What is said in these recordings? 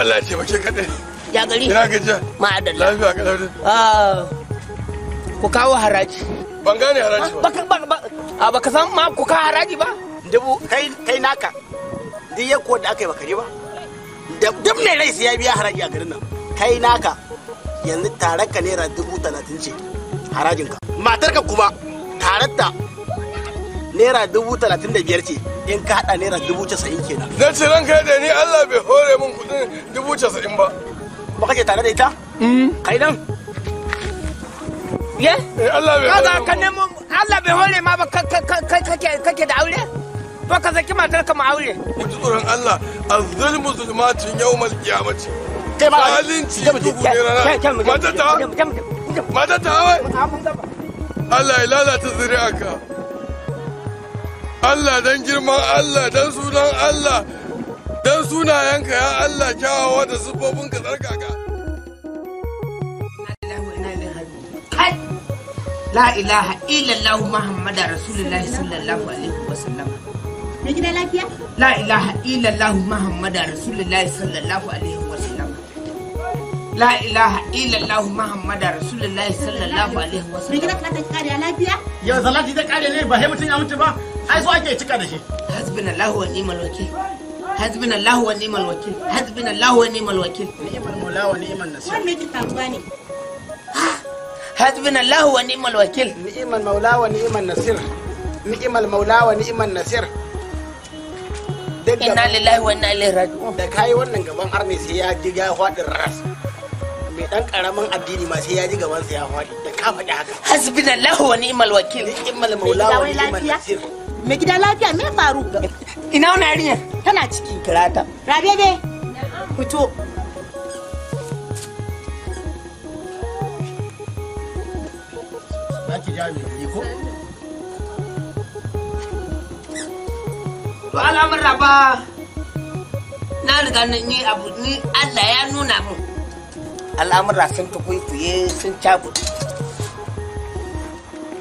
Allah ya taimake ka dai. Ya gari. Ina gajiya. Ma'adalla. Lafiya ka lafiya. Ah. Ku kawo haraji. Ban gane haraji ba. Baka ba a baka san ma ku kawo haraji ba. Dubu kai kai naka. Duk ko da aka yi baka ba. Duk ne rai sai ya biya haraji a garin nan. Kai naka. Yanzu tare ka naira dubu talatin ce harajin ka. Matar ka kuma ta naira dubu talatin da biyar ce in ka haɗa naira dubu casa'in kenan. Na ce ran kai da ni Allah bai hore min kudin dubu casa'in ba. Ba kake tare da ita? Mm. Kai nan. Ye? Eh, Allah bai hore ka nemo Allah bai hore ma ba kake da aure? Ba ka zaki matar ka ma aure. Ku ji tsoron Allah azzulmu zulmatin yawmal qiyamati. Kai ba zalunci dubu ne rana. Matata. Matata wai. Allah ya lalata zuri'arka. Allah dan girman Allah dan sunan Allah dan sunayenka ya Allah kyawawa da sufofin ka tsarkaka La ilaha illallah Muhammadar Rasulullahi sallallahu alaihi wa sallam. Me gida lafiya? La ilaha illallah Muhammadar Rasulullahi sallallahu alaihi wa sallam. La ilaha illallah Muhammadar Rasulullahi sallallahu alaihi wa sallam. Me gida ka ta kare lafiya? Yau zalati ta kare ne ba hai mutun ya mutu ba. ai so ake cika da shi hasbunallahu wa ni'mal wakil hasbunallahu wa ni'mal wakil hasbunallahu wa ni'mal wakil ni'mal mula wa ni'mal nasir wannan kitabuwa ne hasbunallahu wa ni'mal wakil ni'mal maula wa ni'mal nasir ni'mal maula wa ni'mal nasir inna lillahi wa inna ilaihi raji'un da kai wannan gaban arne sai ya ji ya faɗi ras mai dan karamin addini ma sai ya ji gaban sa ya fadi. da ka faɗi haka hasbunallahu wa ni'mal wakil ni'mal maula wa ni'mal nasir Mai gida lafiya me faru? Ina wani yarinya? Tana ciki. Kira ta. Rabe dai. Fito. Zaki ja mai ko? To alamar raba na riga na yi abu ni Allah ya nuna mu. Al'amura sun tukuyi sun cabu.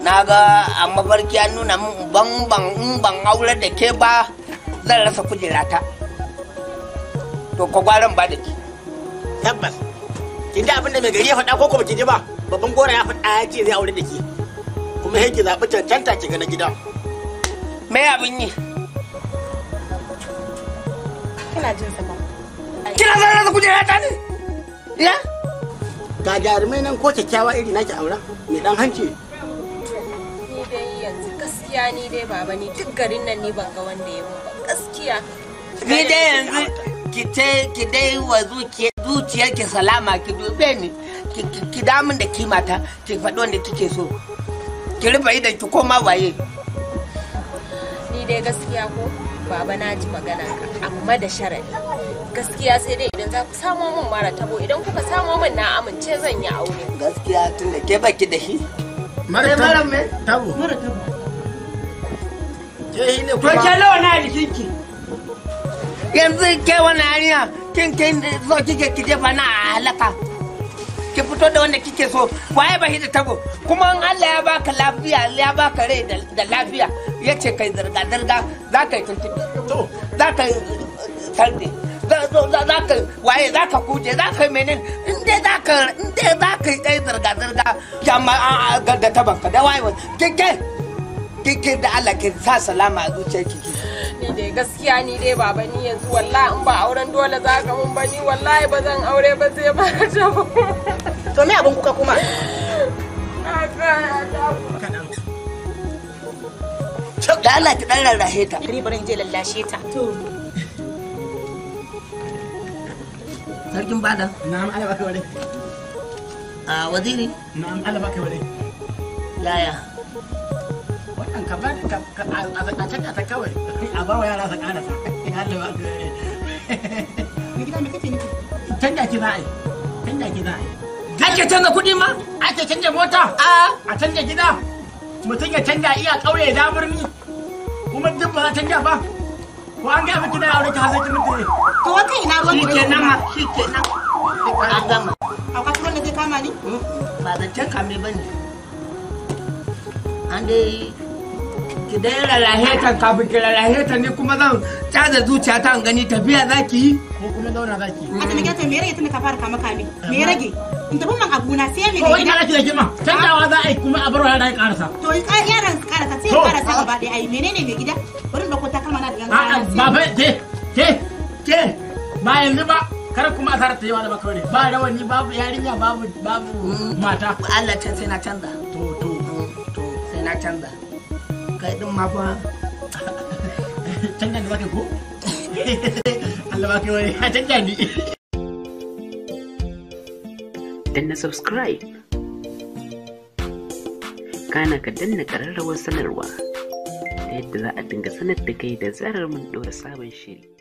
na ga a mafarki an nuna min ban ban in ban aure da ke ba zan rasa kujera ta to ko gwaran ba da ki tabbas kin ji abin da mai gari ya faɗa ko ko baki ji ba babban gora ya faɗa ya ce zai aure da ki kuma ki zaɓi cancanta ki ga na gida me abin yi kina jin sa ba kina zan rasa kujera ta ne ya ga jarumai nan ko kyakkyawa iri naki aura mai dan hanci gaskiya ni dai baba ni duk garin nan ni ban ga wanda ya mun ba gaskiya ni dai yanzu ki te ki dai wa zuciyar zuciyar ki salama ki dube ni ki damun da kimata ki faɗi wanda kike so ki rufa idan ki koma waye ni dai gaskiya ko baba na ji magana amma da sharadi gaskiya sai dai idan za ku samo min mara tabo idan kuka samo min na amince zan yi aure gaskiya tun da ke baki da shi mara tabo mara tabo To Yanzu ke wani hanya kin kin kike ki jefa na halaka. Ki fito da wanda kike so waye ba kuma in Allah ya baka lafiya ya baka rai da lafiya ya ce kai za ka yi Za ka yi uh, Za ka waye za ka kuje za ka yi za ka za ka yi kai da waye wani kike. kike da Allah ki sa salama a zuciyarki ni dai gaskiya ni dai baba ni yanzu wallahi in ba auren dole za ka mun ba ni wallahi ba zan aure ba sai ba ta to me abin kuka kuma da Allah ki dan rarrahe ta ni barin je lallashe ta to sarkin bada na'am Allah baka wale a ah, waziri na'am Allah baka wale laya kan a saka ta kawai a bawa yara sa Allah ne gida me kake nufi canja ki za a yi canja ki za a yi ake canza kuɗi ma ake canja mota a canja gida mutum ya canja iya ƙauye ya kuma duk ba za canja ba ko an gaya miki da aure ki hasaki mutum to wata ina ruwan kenan ma shi kenan gama a kasuwar da zai kama ni hmm. ba zancen kame ba ne an dai ki dai lalahe ta kafin ki lalahe ta ne kuma zan caza zuciya ta gani tafiya za ki yi ko kuma zauna za ki yi. Ata ta mere me rage tunda ka fara kama kame me rage in tafi man abuna sai ne. Kowai gida. Ko da kima. canzawa za a yi kuma a bar wa yaran karasa. To yaran karasa sai karasa gaba ɗaya ai menene mai gida bari da kwata kalma na da yan karasa. A'a babai ke ke ke ba yanzu ba kar kuma asarar ta yi wa da makaroni ba rawani babu yarinya babu babu mata. Mm. Allah can sai na canza. To to to sai na canza. kai din ma fa canza da zaka ko Allah ba kai wani ya canja ni danna subscribe kana ka danna kararrawar sanarwa ta yadda za a dinga sanar da kai da zarar mun ɗora sabon shiri